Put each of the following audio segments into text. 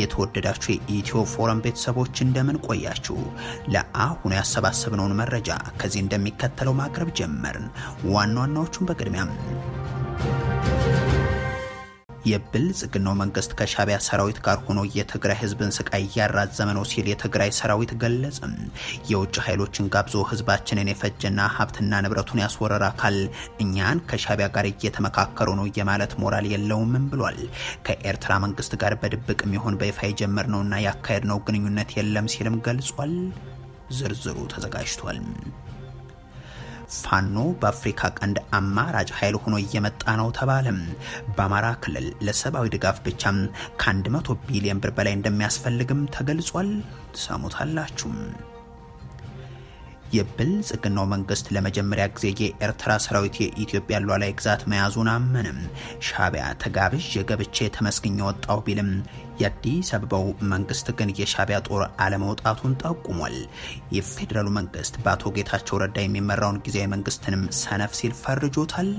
የተወደዳችሁ የኢትዮ ፎረም ቤተሰቦች እንደምን ቆያችሁ? ለአሁኑ ያሰባሰብነውን መረጃ ከዚህ እንደሚከተለው ማቅረብ ጀመርን። ዋና ዋናዎቹን በቅድሚያም የብልጽግናው መንግስት ከሻቢያ ሰራዊት ጋር ሆኖ የትግራይ ህዝብን ስቃይ እያራዘመ ነው ሲል የትግራይ ሰራዊት ገለጸ። የውጭ ኃይሎችን ጋብዞ ህዝባችንን የፈጀና ሀብትና ንብረቱን ያስወረረ አካል እኛን ከሻቢያ ጋር እየተመካከሩ ነው የማለት ሞራል የለውምም ብሏል። ከኤርትራ መንግስት ጋር በድብቅ የሚሆን በይፋ የጀመርነውና ያካሄድነው ግንኙነት የለም ሲልም ገልጿል። ዝርዝሩ ተዘጋጅቷል። ፋኖ በአፍሪካ ቀንድ አማራጭ ኃይል ሆኖ እየመጣ ነው ተባለም። በአማራ ክልል ለሰብአዊ ድጋፍ ብቻ ከ100 ቢሊዮን ብር በላይ እንደሚያስፈልግም ተገልጿል። ሰሙታላችሁም። የብልጽግናው መንግስት ለመጀመሪያ ጊዜ የኤርትራ ሰራዊት የኢትዮጵያ ሉዓላዊ ግዛት መያዙን አመንም። ሻቢያ ተጋብዥ የገብቼ ተመስግኝ ወጣው ቢልም የአዲስ አበባው መንግስት ግን የሻቢያ ጦር አለመውጣቱን ጠቁሟል። የፌዴራሉ መንግስት በአቶ ጌታቸው ረዳ የሚመራውን ጊዜያዊ መንግስትንም ሰነፍ ሲል ፈርጆታል።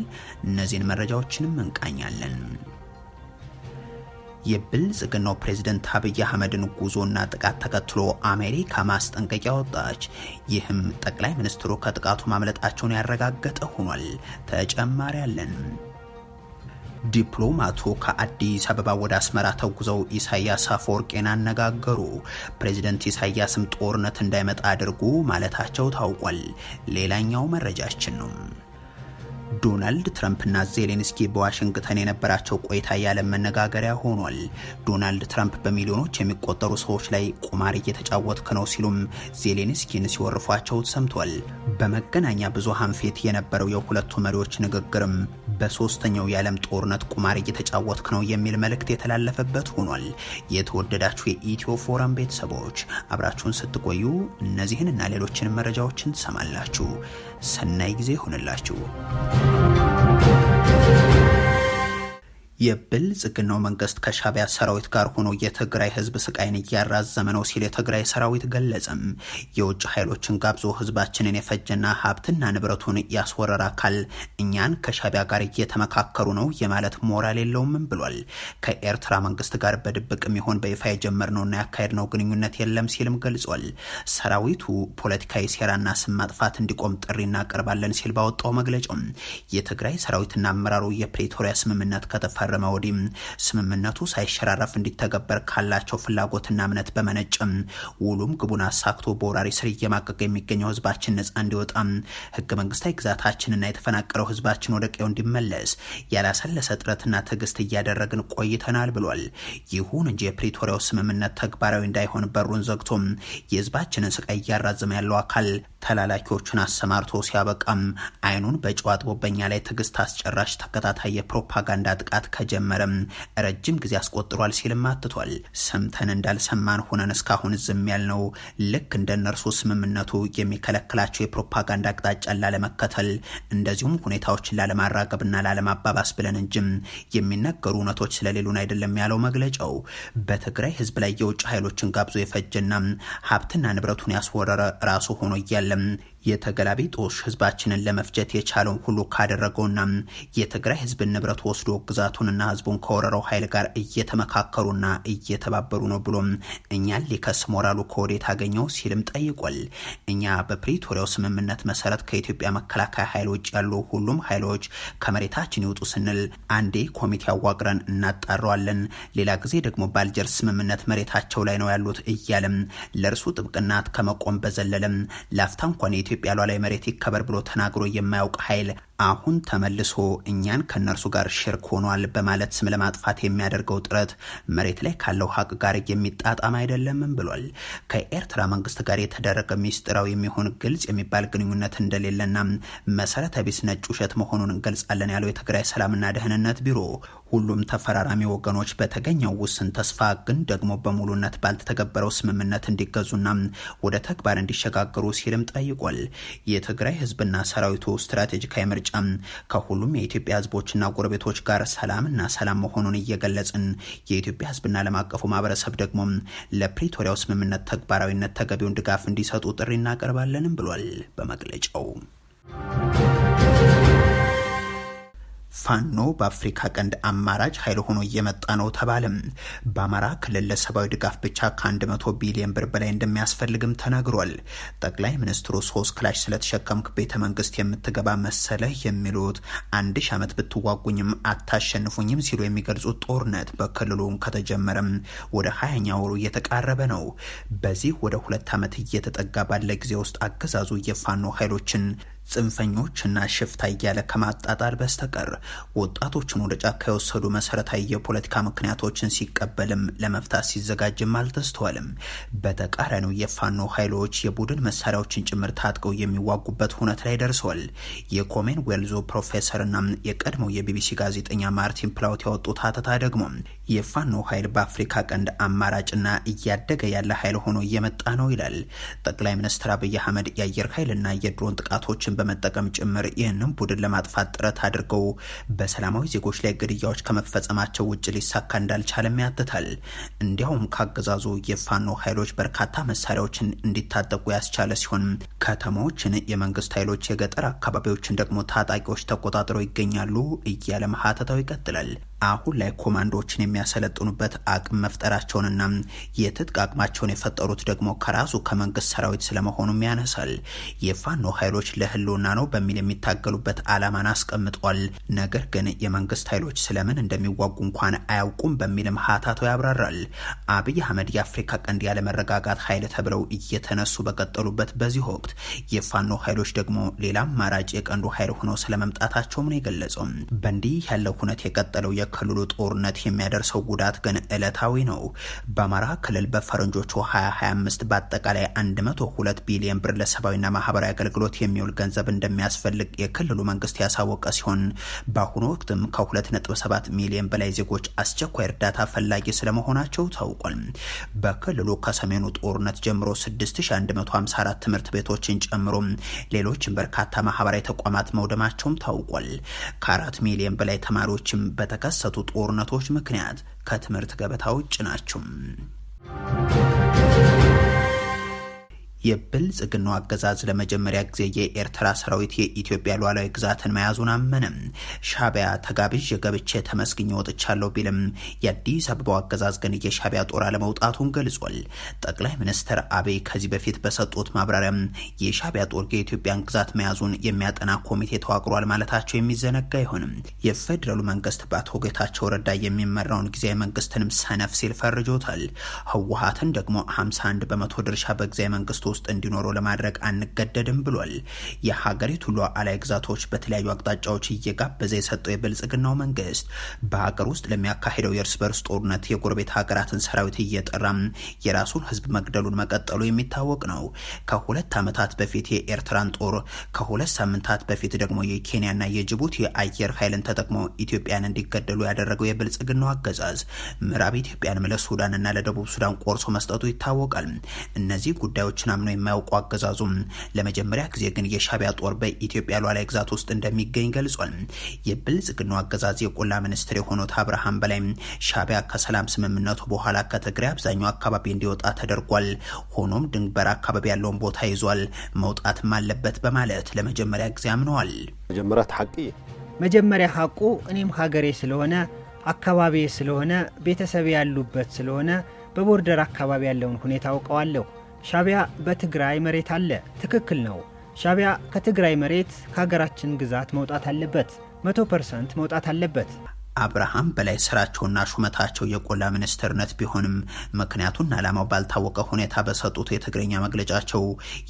እነዚህን መረጃዎችንም እንቃኛለን። የብልጽግናው ፕሬዝደንት አብይ አህመድን ጉዞና ጥቃት ተከትሎ አሜሪካ ማስጠንቀቂያ ወጣች። ይህም ጠቅላይ ሚኒስትሩ ከጥቃቱ ማምለጣቸውን ያረጋገጠ ሆኗል። ተጨማሪ አለን። ዲፕሎማቱ ከአዲስ አበባ ወደ አስመራ ተጉዘው ኢሳያስ አፈወርቄን አነጋገሩ። ፕሬዚደንት ኢሳያስም ጦርነት እንዳይመጣ አድርጉ ማለታቸው ታውቋል። ሌላኛው መረጃችን ነው። ዶናልድ ትራምፕና ዜሌንስኪ በዋሽንግተን የነበራቸው ቆይታ ያለም መነጋገሪያ ሆኗል። ዶናልድ ትራምፕ በሚሊዮኖች የሚቆጠሩ ሰዎች ላይ ቁማር እየተጫወትክ ነው ሲሉም ዜሌንስኪን ሲወርፏቸው ሰምቷል። በመገናኛ ብዙሃን ፊት የነበረው የሁለቱ መሪዎች ንግግርም በሶስተኛው የዓለም ጦርነት ቁማር እየተጫወትክ ነው የሚል መልእክት የተላለፈበት ሆኗል። የተወደዳችሁ የኢትዮ ፎረም ቤተሰቦች አብራችሁን ስትቆዩ እነዚህን እና ሌሎችን መረጃዎችን ትሰማላችሁ። ሰናይ ጊዜ ሆንላችሁ። የብልጽግናው መንግስት ከሻቢያ ሰራዊት ጋር ሆኖ የትግራይ ህዝብ ስቃይን እያራዘመ ነው ሲል የትግራይ ሰራዊት ገለጸም። የውጭ ኃይሎችን ጋብዞ ህዝባችንን የፈጀና ሀብትና ንብረቱን ያስወረረ አካል እኛን ከሻቢያ ጋር እየተመካከሩ ነው የማለት ሞራል የለውምም ብሏል። ከኤርትራ መንግስት ጋር በድብቅ ይሆን በይፋ የጀመርነውና ያካሄድነው ግንኙነት የለም ሲልም ገልጿል። ሰራዊቱ ፖለቲካዊ ሴራና ስም ማጥፋት እንዲቆም ጥሪ እናቀርባለን ሲል ባወጣው መግለጫው የትግራይ ሰራዊትና አመራሩ የፕሬቶሪያ ስምምነት ከተፋ ከረመ ወዲህም ስምምነቱ ሳይሸራረፍ እንዲተገበር ካላቸው ፍላጎትና እምነት በመነጭም ውሉም ግቡን አሳክቶ በወራሪ ስር እየማቀቀ የሚገኘው ህዝባችን ነጻ እንዲወጣ ህገ መንግስታዊ ግዛታችንና የተፈናቀለው ህዝባችን ወደ ቀዬው እንዲመለስ ያላሰለሰ ጥረትና ትዕግስት እያደረግን ቆይተናል ብሏል። ይሁን እንጂ የፕሪቶሪያው ስምምነት ተግባራዊ እንዳይሆን በሩን ዘግቶም የህዝባችንን ስቃይ እያራዘመ ያለው አካል ተላላኪዎቹን አሰማርቶ ሲያበቃም አይኑን በጨዋት ቦበኛ ላይ ትዕግስት አስጨራሽ ተከታታይ የፕሮፓጋንዳ ጥቃት ከጀመረም ረጅም ጊዜ አስቆጥሯል ሲልም አትቷል። ሰምተን እንዳልሰማን ሆነን እስካሁን ዝም ያልነው ልክ እንደ እነርሱ ስምምነቱ የሚከለክላቸው የፕሮፓጋንዳ አቅጣጫን ላለመከተል እንደዚሁም ሁኔታዎችን ላለማራገብና ላለማባባስ ብለን እንጂም የሚነገሩ እውነቶች ስለሌሉን አይደለም ያለው መግለጫው በትግራይ ህዝብ ላይ የውጭ ኃይሎችን ጋብዞ የፈጀና ሀብትና ንብረቱን ያስወረረ ራሱ ሆኖ እያለ them የተገላቢጦሽ ህዝባችንን ለመፍጀት የቻለውን ሁሉ ካደረገውና የትግራይ ህዝብን ንብረት ወስዶ ግዛቱንና ህዝቡን ከወረረው ኃይል ጋር እየተመካከሩና እየተባበሩ ነው ብሎ እኛን ሊከስ ሞራሉ ከወዴት አገኘው ሲልም ጠይቋል። እኛ በፕሪቶሪያው ስምምነት መሰረት ከኢትዮጵያ መከላከያ ኃይል ውጭ ያሉ ሁሉም ኃይሎች ከመሬታችን ይውጡ ስንል አንዴ ኮሚቴ አዋቅረን እናጣረዋለን፣ ሌላ ጊዜ ደግሞ በአልጀርስ ስምምነት መሬታቸው ላይ ነው ያሉት እያለም ለእርሱ ጥብቅናት ከመቆም በዘለለም ላፍታ እንኳን የኢትዮጵያ ሉዓላዊ መሬት ይከበር ብሎ ተናግሮ የማያውቅ ኃይል አሁን ተመልሶ እኛን ከነርሱ ጋር ሽርክ ሆኗል በማለት ስም ለማጥፋት የሚያደርገው ጥረት መሬት ላይ ካለው ሀቅ ጋር የሚጣጣም አይደለምም ብሏል። ከኤርትራ መንግስት ጋር የተደረገ ሚስጥራዊ የሚሆን ግልጽ የሚባል ግንኙነት እንደሌለና መሰረተ ቢስ ነጭ ውሸት መሆኑን እንገልጻለን ያለው የትግራይ ሰላምና ደህንነት ቢሮ ሁሉም ተፈራራሚ ወገኖች በተገኘው ውስን ተስፋ ግን ደግሞ በሙሉነት ባልተተገበረው ስምምነት እንዲገዙና ወደ ተግባር እንዲሸጋገሩ ሲልም ጠይቋል። የትግራይ ህዝብና ሰራዊቱ ስትራቴጂካዊ ምርጫ መግለጫ ከሁሉም የኢትዮጵያ ህዝቦችና ጎረቤቶች ጋር ሰላምና ሰላም መሆኑን እየገለጽን የኢትዮጵያ ህዝብና ዓለም አቀፉ ማህበረሰብ ደግሞ ለፕሪቶሪያው ስምምነት ተግባራዊነት ተገቢውን ድጋፍ እንዲሰጡ ጥሪ እናቀርባለንም ብሏል በመግለጫው። ፋኖ በአፍሪካ ቀንድ አማራጭ ኃይል ሆኖ እየመጣ ነው ተባለም። በአማራ ክልል ለሰብአዊ ድጋፍ ብቻ ከ100 ቢሊዮን ብር በላይ እንደሚያስፈልግም ተነግሯል። ጠቅላይ ሚኒስትሩ ሶስት ክላሽ ስለተሸከምክ ቤተ መንግስት የምትገባ መሰለህ የሚሉት አንድ ሺ ዓመት ብትዋጉኝም አታሸንፉኝም ሲሉ የሚገልጹት ጦርነት በክልሉም ከተጀመረም ወደ ሀያኛ ወሩ እየተቃረበ ነው። በዚህ ወደ ሁለት ዓመት እየተጠጋ ባለ ጊዜ ውስጥ አገዛዙ የፋኖ ኃይሎችን ጽንፈኞችና ሽፍታ እያለ ከማጣጣል በስተቀር ወጣቶችን ወደ ጫካ የወሰዱ መሰረታዊ የፖለቲካ ምክንያቶችን ሲቀበልም ለመፍታት ሲዘጋጅም አልተስተዋልም። በተቃራኒው የፋኖ ኃይሎች የቡድን መሳሪያዎችን ጭምር ታጥቀው የሚዋጉበት ሁነት ላይ ደርሰዋል። የኮሜን ዌልዞ ፕሮፌሰርና የቀድሞው የቢቢሲ ጋዜጠኛ ማርቲን ፕላውት ያወጡት አተታ ደግሞ የፋኖ ኃይል በአፍሪካ ቀንድ አማራጭና እያደገ ያለ ኃይል ሆኖ እየመጣ ነው ይላል ጠቅላይ ሚኒስትር አብይ አህመድ። የአየር ኃይልና የድሮን ጥቃቶችን በመጠቀም ጭምር ይህንም ቡድን ለማጥፋት ጥረት አድርገው በሰላማዊ ዜጎች ላይ ግድያዎች ከመፈጸማቸው ውጭ ሊሳካ እንዳልቻለም ያትታል። እንዲያውም ከአገዛዙ የፋኖ ኃይሎች በርካታ መሳሪያዎችን እንዲታጠቁ ያስቻለ ሲሆን ከተማዎችን የመንግስት ኃይሎች፣ የገጠር አካባቢዎችን ደግሞ ታጣቂዎች ተቆጣጥረው ይገኛሉ እያለ ማሀተታው ይቀጥላል። አሁን ላይ ኮማንዶዎችን የሚያሰለጥኑበት አቅም መፍጠራቸውንና የትጥቅ አቅማቸውን የፈጠሩት ደግሞ ከራሱ ከመንግስት ሰራዊት ስለመሆኑም ያነሳል። የፋኖ ኃይሎች ለህልውና ነው በሚል የሚታገሉበት አላማን አስቀምጧል። ነገር ግን የመንግስት ኃይሎች ስለምን እንደሚዋጉ እንኳን አያውቁም በሚልም ሀታቶ ያብራራል። አብይ አህመድ የአፍሪካ ቀንድ ያለመረጋጋት ኃይል ተብለው እየተነሱ በቀጠሉበት በዚህ ወቅት የፋኖ ኃይሎች ደግሞ ሌላ አማራጭ የቀንዱ ኃይል ሆነው ስለመምጣታቸውም ነው የገለጸው። በእንዲህ ያለው ሁነት የቀጠለው የክልሉ ጦርነት የሚያደርሰው ጉዳት ግን እለታዊ ነው። በአማራ ክልል በፈረንጆቹ 2025 በአጠቃላይ 102 ቢሊዮን ብር ለሰብአዊና ማህበራዊ አገልግሎት የሚውል ገንዘብ እንደሚያስፈልግ የክልሉ መንግስት ያሳወቀ ሲሆን በአሁኑ ወቅትም ከ2.7 ሚሊዮን በላይ ዜጎች አስቸኳይ እርዳታ ፈላጊ ስለመሆናቸው ታውቋል። በክልሉ ከሰሜኑ ጦርነት ጀምሮ 6154 ትምህርት ቤቶችን ጨምሮ ሌሎችም በርካታ ማህበራዊ ተቋማት መውደማቸውም ታውቋል። ከአራት ሚሊዮን በላይ ተማሪዎችም በተከ በተከሰቱ ጦርነቶች ምክንያት ከትምህርት ገበታ ውጭ ናቸው። የብልጽግናው አገዛዝ ለመጀመሪያ ጊዜ የኤርትራ ሰራዊት የኢትዮጵያ ሉዓላዊ ግዛትን መያዙን አመንም። ሻቢያ ተጋብዤ ገብቼ ተመስግኝ ወጥቻለሁ ቢልም የአዲስ አበባው አገዛዝ ግን የሻቢያ ጦር አለመውጣቱን ገልጿል። ጠቅላይ ሚኒስትር አብይ ከዚህ በፊት በሰጡት ማብራሪያም የሻቢያ ጦር የኢትዮጵያን ግዛት መያዙን የሚያጠና ኮሚቴ ተዋቅሯል ማለታቸው የሚዘነጋ አይሆንም። የፌዴራሉ መንግስት በአቶ ጌታቸው ረዳ የሚመራውን ጊዜያዊ መንግስትንም ሰነፍ ሲል ፈርጆታል። ህወሀትን ደግሞ 51 በመቶ ድርሻ በጊዜያዊ መንግስቱ ውስጥ እንዲኖሩ ለማድረግ አንገደድም ብሏል። የሀገሪቱ ሉዓላዊ ግዛቶች በተለያዩ አቅጣጫዎች እየጋበዘ የሰጠው የብልጽግናው መንግስት በሀገር ውስጥ ለሚያካሂደው የእርስ በርስ ጦርነት የጎረቤት ሀገራትን ሰራዊት እየጠራም የራሱን ህዝብ መግደሉን መቀጠሉ የሚታወቅ ነው። ከሁለት ዓመታት በፊት የኤርትራን ጦር ከሁለት ሳምንታት በፊት ደግሞ የኬንያና የጅቡቲ የአየር ኃይልን ተጠቅሞ ኢትዮጵያን እንዲገደሉ ያደረገው የብልጽግናው አገዛዝ ምዕራብ ኢትዮጵያን ለሱዳንና ለደቡብ ሱዳን ቆርሶ መስጠቱ ይታወቃል። እነዚህ ጉዳዮችን አምኖ የማያውቁ አገዛዙም ለመጀመሪያ ጊዜ ግን የሻቢያ ጦር በኢትዮጵያ ሉዓላዊ ግዛት ውስጥ እንደሚገኝ ገልጿል። የብልጽግናው አገዛዝ የቆላ ሚኒስትር የሆኑት አብርሃም በላይ ሻቢያ ከሰላም ስምምነቱ በኋላ ከትግራይ አብዛኛው አካባቢ እንዲወጣ ተደርጓል። ሆኖም ድንበር አካባቢ ያለውን ቦታ ይዟል፣ መውጣትም አለበት በማለት ለመጀመሪያ ጊዜ አምነዋል። መጀመሪያ ሐቂ መጀመሪያ ሐቁ እኔም ሀገሬ ስለሆነ አካባቢ ስለሆነ ቤተሰብ ያሉበት ስለሆነ በቦርደር አካባቢ ያለውን ሁኔታ አውቀዋለሁ። ሻቢያ በትግራይ መሬት አለ። ትክክል ነው። ሻቢያ ከትግራይ መሬት ከሀገራችን ግዛት መውጣት አለበት። መቶ ፐርሰንት መውጣት አለበት። አብርሃም በላይ ስራቸውና ሹመታቸው የቆላ ሚኒስትርነት ቢሆንም ምክንያቱን ዓላማው ባልታወቀ ሁኔታ በሰጡት የትግረኛ መግለጫቸው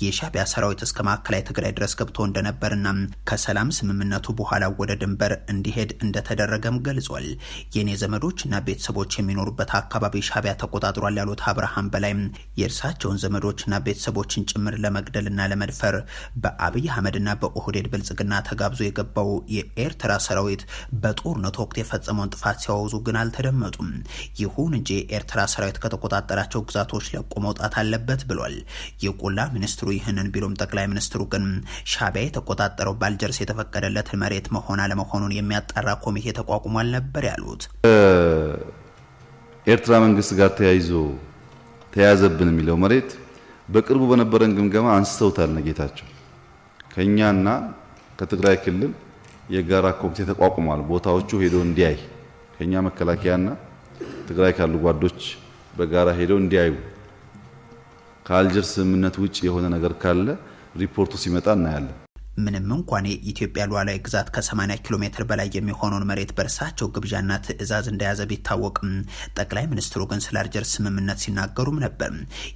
የሻቢያ ሰራዊት እስከ ማዕከላዊ ትግራይ ድረስ ገብቶ እንደነበርና ከሰላም ስምምነቱ በኋላ ወደ ድንበር እንዲሄድ እንደተደረገም ገልጿል። የኔ ዘመዶችና ቤተሰቦች የሚኖሩበት አካባቢ ሻቢያ ተቆጣጥሯል ያሉት አብርሃም በላይ የእርሳቸውን ዘመዶችና ቤተሰቦችን ጭምር ለመግደልና ለመድፈር በአብይ አህመድና በኦህዴድ ብልጽግና ተጋብዞ የገባው የኤርትራ ሰራዊት በጦርነቱ ወቅት የተፈጸመውን ጥፋት ሲያወዙ ግን አልተደመጡም። ይሁን እንጂ ኤርትራ ሰራዊት ከተቆጣጠራቸው ግዛቶች ለቆ መውጣት አለበት ብሏል። የቆላ ሚኒስትሩ ይህንን ቢሉም ጠቅላይ ሚኒስትሩ ግን ሻቢያ የተቆጣጠረው ባልጀርስ የተፈቀደለትን መሬት መሆን አለመሆኑን የሚያጣራ ኮሚቴ ተቋቁሟል ነበር ያሉት። ኤርትራ መንግስት ጋር ተያይዞ ተያዘብን የሚለው መሬት በቅርቡ በነበረን ግምገማ አንስተውታል። ነጌታቸው ከእኛና ከትግራይ ክልል የጋራ ኮሚቴ ተቋቁሟል። ቦታዎቹ ሄዶ እንዲያይ ከኛ መከላከያና ትግራይ ካሉ ጓዶች በጋራ ሄደው እንዲያዩ ከአልጀር ስምምነት ውጭ የሆነ ነገር ካለ ሪፖርቱ ሲመጣ እናያለን። ምንም እንኳን የኢትዮጵያ ሉዓላዊ ግዛት ከ80 ኪሎ ሜትር በላይ የሚሆነውን መሬት በእርሳቸው ግብዣና ትዕዛዝ እንደያዘ ቢታወቅም ጠቅላይ ሚኒስትሩ ግን ስለ አልጀርስ ስምምነት ሲናገሩም ነበር።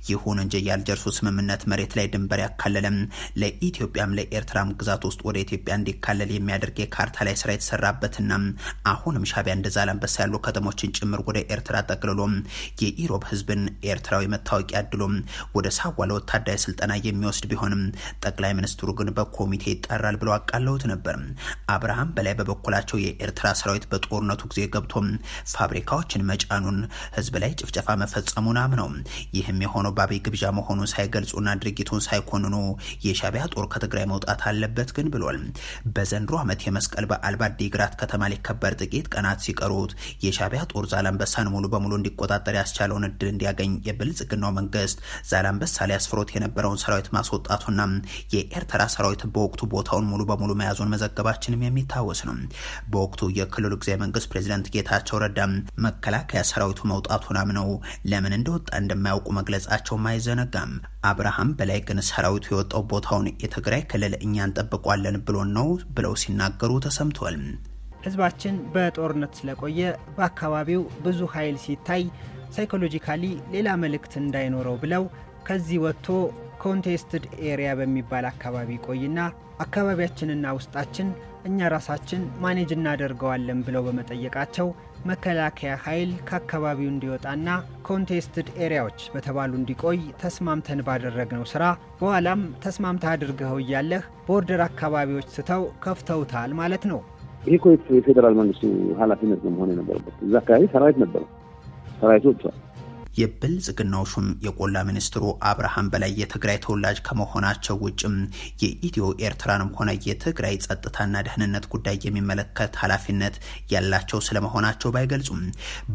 ይሁን እንጂ የአልጀርሱ ስምምነት መሬት ላይ ድንበር ያካለለም ለኢትዮጵያም ለኤርትራም ግዛት ውስጥ ወደ ኢትዮጵያ እንዲካለል የሚያደርግ የካርታ ላይ ስራ የተሰራበትና አሁንም ሻቢያ እንደ ዛላንበሳ ያሉ ከተሞችን ጭምር ወደ ኤርትራ ጠቅልሎ የኢሮብ ህዝብን ኤርትራዊ መታወቂያ አድሎ ወደ ሳዋ ለወታደራዊ ስልጠና የሚወስድ ቢሆንም ጠቅላይ ሚኒስትሩ ግን በኮሚቴ ይጠራል ብለው አቃለውት ነበር። አብርሃም በላይ በበኩላቸው የኤርትራ ሰራዊት በጦርነቱ ጊዜ ገብቶ ፋብሪካዎችን መጫኑን፣ ህዝብ ላይ ጭፍጨፋ መፈጸሙን አምነው ይህም የሆነው በአብይ ግብዣ መሆኑን ሳይገልጹና ድርጊቱን ሳይኮንኑ የሻቢያ ጦር ከትግራይ መውጣት አለበት ግን ብሏል። በዘንድሮ ዓመት የመስቀል በዓል በአዲግራት ከተማ ሊከበር ጥቂት ቀናት ሲቀሩት የሻቢያ ጦር ዛላንበሳን ሙሉ በሙሉ እንዲቆጣጠር ያስቻለውን እድል እንዲያገኝ የብልጽግናው መንግስት ዛላንበሳ ላይ አስፍሮት የነበረውን ሰራዊት ማስወጣቱና የኤርትራ ሰራዊት በወቅቱ በወቅቱ ቦታውን ሙሉ በሙሉ መያዙን መዘገባችንም የሚታወስ ነው። በወቅቱ የክልሉ ጊዜያዊ መንግስት ፕሬዚደንት ጌታቸው ረዳ መከላከያ ሰራዊቱ መውጣቱን አምነው ለምን እንደወጣ እንደማያውቁ መግለጻቸውም አይዘነጋም። አብርሃም በላይ ግን ሰራዊቱ የወጣው ቦታውን የትግራይ ክልል እኛ እንጠብቋለን ብሎን ነው ብለው ሲናገሩ ተሰምቷል። ህዝባችን በጦርነት ስለቆየ በአካባቢው ብዙ ኃይል ሲታይ ሳይኮሎጂካሊ ሌላ መልእክት እንዳይኖረው ብለው ከዚህ ወጥቶ ኮንቴስትድ ኤሪያ በሚባል አካባቢ ቆይና አካባቢያችንና ውስጣችን እኛ ራሳችን ማኔጅ እናደርገዋለን ብለው በመጠየቃቸው መከላከያ ኃይል ከአካባቢው እንዲወጣና ኮንቴስትድ ኤሪያዎች በተባሉ እንዲቆይ ተስማምተን ባደረግነው ስራ በኋላም ተስማምተህ አድርገኸው እያለህ ቦርደር አካባቢዎች ስተው ከፍተውታል ማለት ነው። ይህ እኮ የፌዴራል መንግስቱ ኃላፊነት ነው መሆን የነበረበት። እዛ አካባቢ ሰራዊት ነበረ፣ ሰራዊቱ ወጥቷል። የብልጽግናው ሹም የቆላ ሚኒስትሩ አብርሃም በላይ የትግራይ ተወላጅ ከመሆናቸው ውጭም የኢትዮ ኤርትራንም ሆነ የትግራይ ጸጥታና ደህንነት ጉዳይ የሚመለከት ኃላፊነት ያላቸው ስለመሆናቸው ባይገልጹም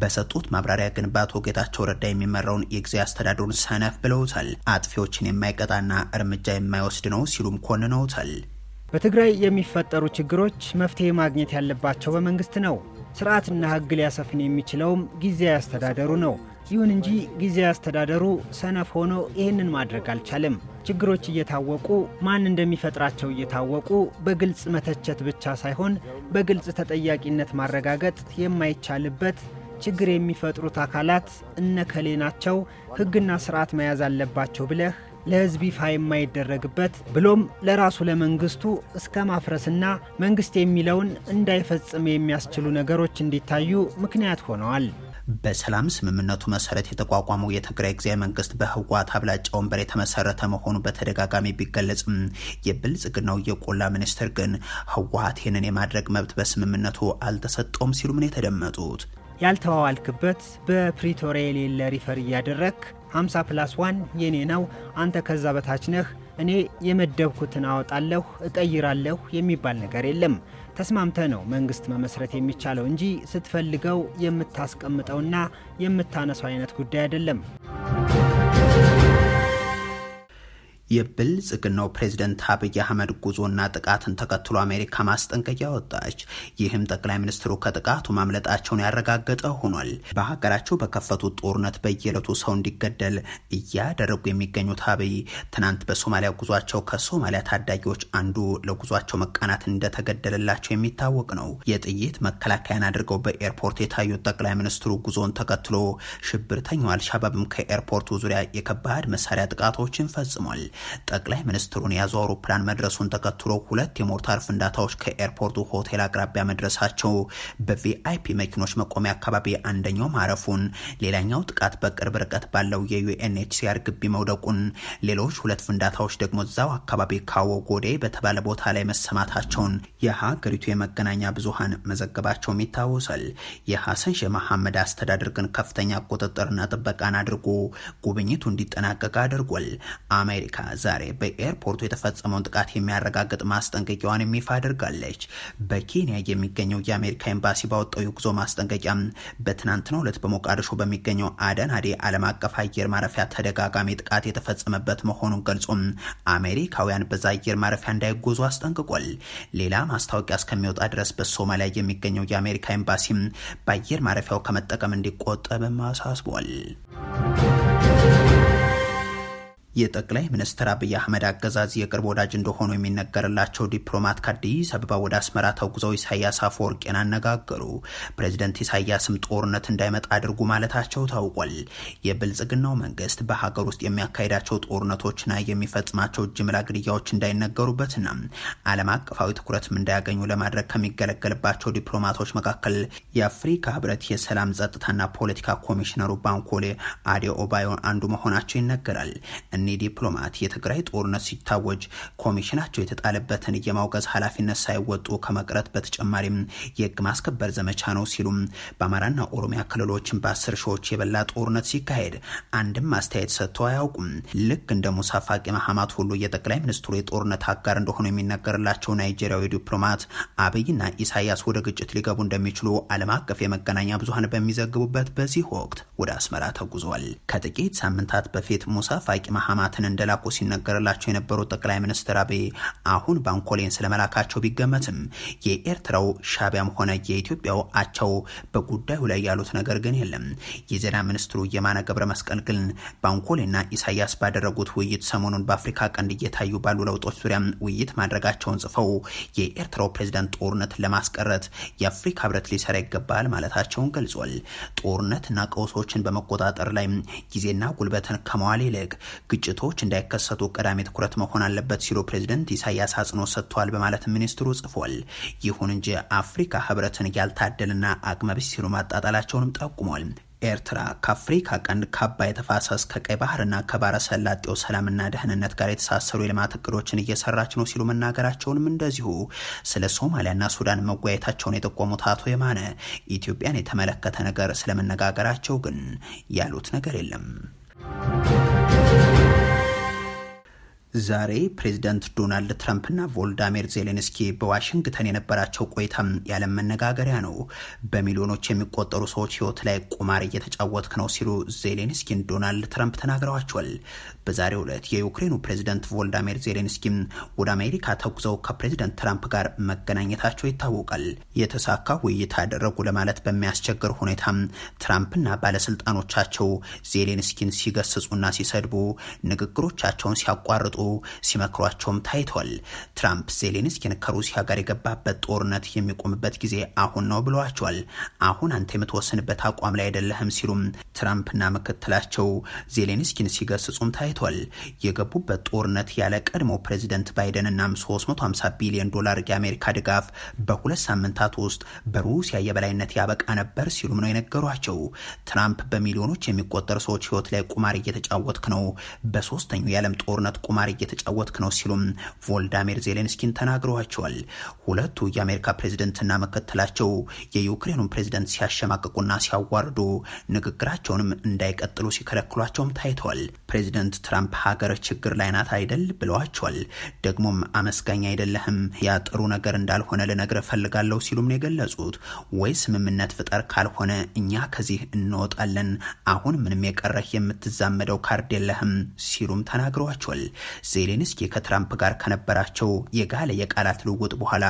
በሰጡት ማብራሪያ ግን በአቶ ጌታቸው ረዳ የሚመራውን የጊዜ አስተዳደሩን ሰነፍ ብለውታል። አጥፊዎችን የማይቀጣና እርምጃ የማይወስድ ነው ሲሉም ኮንነውታል። በትግራይ የሚፈጠሩ ችግሮች መፍትሄ ማግኘት ያለባቸው በመንግስት ነው። ስርዓትና ህግ ሊያሰፍን የሚችለውም ጊዜያዊ አስተዳደሩ ነው። ይሁን እንጂ ጊዜ አስተዳደሩ ሰነፍ ሆኖ ይህንን ማድረግ አልቻለም። ችግሮች እየታወቁ ማን እንደሚፈጥራቸው እየታወቁ በግልጽ መተቸት ብቻ ሳይሆን በግልጽ ተጠያቂነት ማረጋገጥ የማይቻልበት ችግር የሚፈጥሩት አካላት እነከሌ ናቸው፣ ሕግና ስርዓት መያዝ አለባቸው ብለህ ለህዝብ ይፋ የማይደረግበት ብሎም ለራሱ ለመንግስቱ እስከ ማፍረስና መንግስት የሚለውን እንዳይፈጽም የሚያስችሉ ነገሮች እንዲታዩ ምክንያት ሆነዋል። በሰላም ስምምነቱ መሰረት የተቋቋመው የትግራይ ጊዜያዊ መንግስት በህወሓት አብላጫ ወንበር የተመሰረተ መሆኑ በተደጋጋሚ ቢገለጽም የብልጽግናው የቆላ ሚኒስትር ግን ህወሓት ይህንን የማድረግ መብት በስምምነቱ አልተሰጠውም ሲሉ ምን የተደመጡት። ያልተዋዋልክበት በፕሪቶሪያ የሌለ ሪፈር እያደረግ 50 ፕላስ ዋን የኔ ነው፣ አንተ ከዛ በታች ነህ፣ እኔ የመደብኩትን አወጣለሁ እቀይራለሁ የሚባል ነገር የለም። ተስማምተ ነው መንግስት መመስረት የሚቻለው እንጂ ስትፈልገው የምታስቀምጠውና የምታነሳው አይነት ጉዳይ አይደለም። የብልጽግናው ፕሬዝደንት አብይ አህመድ ጉዞና ጥቃትን ተከትሎ አሜሪካ ማስጠንቀቂያ ወጣች። ይህም ጠቅላይ ሚኒስትሩ ከጥቃቱ ማምለጣቸውን ያረጋገጠ ሆኗል። በሀገራቸው በከፈቱት ጦርነት በየዕለቱ ሰው እንዲገደል እያደረጉ የሚገኙት አብይ ትናንት በሶማሊያ ጉዟቸው ከሶማሊያ ታዳጊዎች አንዱ ለጉዟቸው መቃናት እንደተገደለላቸው የሚታወቅ ነው። የጥይት መከላከያን አድርገው በኤርፖርት የታዩት ጠቅላይ ሚኒስትሩ ጉዞን ተከትሎ ሽብርተኛው አልሻባብም ከኤርፖርቱ ዙሪያ የከባድ መሳሪያ ጥቃቶችን ፈጽሟል። ጠቅላይ ሚኒስትሩን የያዘው አውሮፕላን መድረሱን ተከትሎ ሁለት የሞርታር ፍንዳታዎች ከኤርፖርቱ ሆቴል አቅራቢያ መድረሳቸው፣ በቪአይፒ መኪኖች መቆሚያ አካባቢ አንደኛው ማረፉን፣ ሌላኛው ጥቃት በቅርብ ርቀት ባለው የዩኤንኤችሲአር ግቢ መውደቁን፣ ሌሎች ሁለት ፍንዳታዎች ደግሞ እዛው አካባቢ ካዎ ጎዴ በተባለ ቦታ ላይ መሰማታቸውን የሀገሪቱ የመገናኛ ብዙሃን መዘገባቸውም ይታወሳል። የሐሰን ሼህ መሐመድ አስተዳደር ግን ከፍተኛ ቁጥጥርና ጥበቃን አድርጎ ጉብኝቱ እንዲጠናቀቅ አድርጓል። አሜሪካ ዛሬ በኤርፖርቱ የተፈጸመውን ጥቃት የሚያረጋግጥ ማስጠንቀቂያዋን የሚፋ አድርጋለች። በኬንያ የሚገኘው የአሜሪካ ኤምባሲ ባወጣው የጉዞ ማስጠንቀቂያ በትናንትናው ዕለት በሞቃዲሾ በሚገኘው አደናዴ ዓለም አቀፍ አየር ማረፊያ ተደጋጋሚ ጥቃት የተፈጸመበት መሆኑን ገልጾ አሜሪካውያን በዛ አየር ማረፊያ እንዳይጓዙ አስጠንቅቋል። ሌላ ማስታወቂያ እስከሚወጣ ድረስ በሶማሊያ የሚገኘው የአሜሪካ ኤምባሲ በአየር ማረፊያው ከመጠቀም እንዲቆጠብም አሳስቧል። የጠቅላይ ሚኒስትር አብይ አህመድ አገዛዝ የቅርብ ወዳጅ እንደሆኑ የሚነገርላቸው ዲፕሎማት ከአዲስ አበባ ወደ አስመራ ተጉዘው ኢሳያስ አፈወርቂን አነጋገሩ። ፕሬዚደንት ኢሳያስም ጦርነት እንዳይመጣ አድርጉ ማለታቸው ታውቋል። የብልጽግናው መንግስት በሀገር ውስጥ የሚያካሂዳቸው ጦርነቶችና የሚፈጽማቸው ጅምላ ግድያዎች እንዳይነገሩበትና ዓለም አቀፋዊ ትኩረትም እንዳያገኙ ለማድረግ ከሚገለገልባቸው ዲፕሎማቶች መካከል የአፍሪካ ህብረት የሰላም ጸጥታና ፖለቲካ ኮሚሽነሩ ባንኮሌ ኦባዮን አንዱ መሆናቸው ይነገራል። የኔ ዲፕሎማት የትግራይ ጦርነት ሲታወጅ ኮሚሽናቸው የተጣለበትን የማውገዝ ኃላፊነት ሳይወጡ ከመቅረት በተጨማሪም የህግ ማስከበር ዘመቻ ነው ሲሉም በአማራና ኦሮሚያ ክልሎችን በአስር ሺዎች የበላ ጦርነት ሲካሄድ አንድም አስተያየት ሰጥተው አያውቁም። ልክ እንደ ሙሳ ፋቂ መሐማት ሁሉ የጠቅላይ ሚኒስትሩ የጦርነት አጋር እንደሆኑ የሚነገርላቸው ናይጄሪያዊ ዲፕሎማት አብይና ኢሳያስ ወደ ግጭት ሊገቡ እንደሚችሉ ዓለም አቀፍ የመገናኛ ብዙሀን በሚዘግቡበት በዚህ ወቅት ወደ አስመራ ተጉዟል። ከጥቂት ሳምንታት በፊት ሙሳ ፋቂ ተቋማትን እንደላኩ ሲነገርላቸው የነበሩት ጠቅላይ ሚኒስትር አብይ አሁን ባንኮሌን ስለመላካቸው ቢገመትም የኤርትራው ሻቢያም ሆነ የኢትዮጵያው አቻው በጉዳዩ ላይ ያሉት ነገር ግን የለም። የዜና ሚኒስትሩ የማነ ገብረ መስቀል ግን ባንኮሌና ኢሳያስ ባደረጉት ውይይት ሰሞኑን በአፍሪካ ቀንድ እየታዩ ባሉ ለውጦች ዙሪያ ውይይት ማድረጋቸውን ጽፈው የኤርትራው ፕሬዝዳንት ጦርነት ለማስቀረት የአፍሪካ ህብረት ሊሰራ ይገባል ማለታቸውን ገልጿል። ጦርነትና ቀውሶችን በመቆጣጠር ላይ ጊዜና ጉልበትን ከመዋል ይልቅ ግጭቶች እንዳይከሰቱ ቀዳሚ ትኩረት መሆን አለበት ሲሉ ፕሬዚደንት ኢሳያስ አጽንኦት ሰጥተዋል በማለት ሚኒስትሩ ጽፏል። ይሁን እንጂ አፍሪካ ህብረትን ያልታደልና አቅመቢስ ሲሉ ማጣጣላቸውንም ጠቁሟል። ኤርትራ ከአፍሪካ ቀንድ ከአባይ ተፋሰስ ከቀይ ባህርና ከባረ ሰላጤው ሰላምና ደህንነት ጋር የተሳሰሩ የልማት እቅዶችን እየሰራች ነው ሲሉ መናገራቸውንም እንደዚሁ ስለ ሶማሊያና ሱዳን መወያየታቸውን የጠቆሙት አቶ የማነ ኢትዮጵያን የተመለከተ ነገር ስለመነጋገራቸው ግን ያሉት ነገር የለም። ዛሬ ፕሬዚደንት ዶናልድ ትራምፕና ቮልዳሚር ዜሌንስኪ በዋሽንግተን የነበራቸው ቆይታም ያለም መነጋገሪያ ነው። በሚሊዮኖች የሚቆጠሩ ሰዎች ህይወት ላይ ቁማር እየተጫወትክ ነው ሲሉ ዜሌንስኪን ዶናልድ ትራምፕ ተናግረዋቸዋል። በዛሬው ዕለት የዩክሬኑ ፕሬዚደንት ቮልዳሚር ዜሌንስኪም ወደ አሜሪካ ተጉዘው ከፕሬዚደንት ትራምፕ ጋር መገናኘታቸው ይታወቃል። የተሳካ ውይይት አደረጉ ለማለት በሚያስቸግር ሁኔታ ትራምፕና ባለስልጣኖቻቸው ዜሌንስኪን ሲገስጹና ሲሰድቡ ንግግሮቻቸውን ሲያቋርጡ ሲመክሯቸውም ታይቷል። ትራምፕ ዜሌንስኪን ከሩሲያ ጋር የገባበት ጦርነት የሚቆምበት ጊዜ አሁን ነው ብለዋቸዋል። አሁን አንተ የምትወስንበት አቋም ላይ አይደለህም ሲሉም ትራምፕና ምክትላቸው ዜሌንስኪን ሲገስጹም ታይቷል። የገቡበት ጦርነት ያለ ቀድሞ ፕሬዚደንት ባይደንናም 350 ቢሊዮን ዶላር የአሜሪካ ድጋፍ በሁለት ሳምንታት ውስጥ በሩሲያ የበላይነት ያበቃ ነበር ሲሉም ነው የነገሯቸው። ትራምፕ በሚሊዮኖች የሚቆጠሩ ሰዎች ህይወት ላይ ቁማር እየተጫወትክ ነው፣ በሶስተኛው የዓለም ጦርነት ቁማር እየተጫወትክ ነው ሲሉም ቮልዳሚር ዜሌንስኪን ተናግረዋቸዋል። ሁለቱ የአሜሪካ ፕሬዝደንትና መከተላቸው የዩክሬኑን ፕሬዝደንት ሲያሸማቅቁና ሲያዋርዱ ንግግራቸውንም እንዳይቀጥሉ ሲከለክሏቸውም ታይተዋል። ፕሬዝደንት ትራምፕ ሀገር ችግር ላይ ናት አይደል ብለዋቸዋል። ደግሞም አመስጋኝ አይደለህም ያ ጥሩ ነገር እንዳልሆነ ልነግር እፈልጋለሁ ሲሉም ነው የገለጹት። ወይ ስምምነት ፍጠር፣ ካልሆነ እኛ ከዚህ እንወጣለን። አሁን ምንም የቀረህ የምትዛመደው ካርድ የለህም ሲሉም ተናግረዋቸዋል። ዜሌንስኪ ከትራምፕ ጋር ከነበራቸው የጋለ የቃላት ልውውጥ በኋላ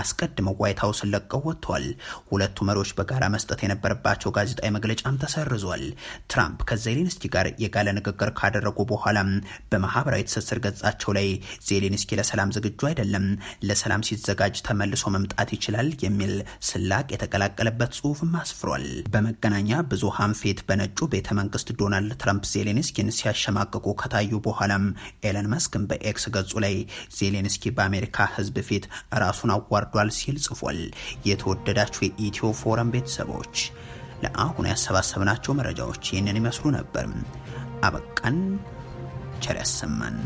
አስቀድመው ዋይት ሀውስን ለቀው ወጥቷል። ሁለቱ መሪዎች በጋራ መስጠት የነበረባቸው ጋዜጣዊ መግለጫም ተሰርዟል። ትራምፕ ከዜሌንስኪ ጋር የጋለ ንግግር ካደረጉ በኋላም በማህበራዊ ትስስር ገጻቸው ላይ ዜሌንስኪ ለሰላም ዝግጁ አይደለም፣ ለሰላም ሲዘጋጅ ተመልሶ መምጣት ይችላል የሚል ስላቅ የተቀላቀለበት ጽሁፍም አስፍሯል። በመገናኛ ብዙሃን ፊት በነጩ ቤተ መንግስት ዶናልድ ትራምፕ ዜሌንስኪን ሲያሸማቅቁ ከታዩ በኋላም ኤለን ኢላን መስክን በኤክስ ገጹ ላይ ዜሌንስኪ በአሜሪካ ህዝብ ፊት ራሱን አዋርዷል ሲል ጽፏል። የተወደዳችሁ የኢትዮ ፎረም ቤተሰቦች ለአሁኑ ያሰባሰብናቸው መረጃዎች ይህንን ይመስሉ ነበር። አበቃን። ቸር ያሰማን።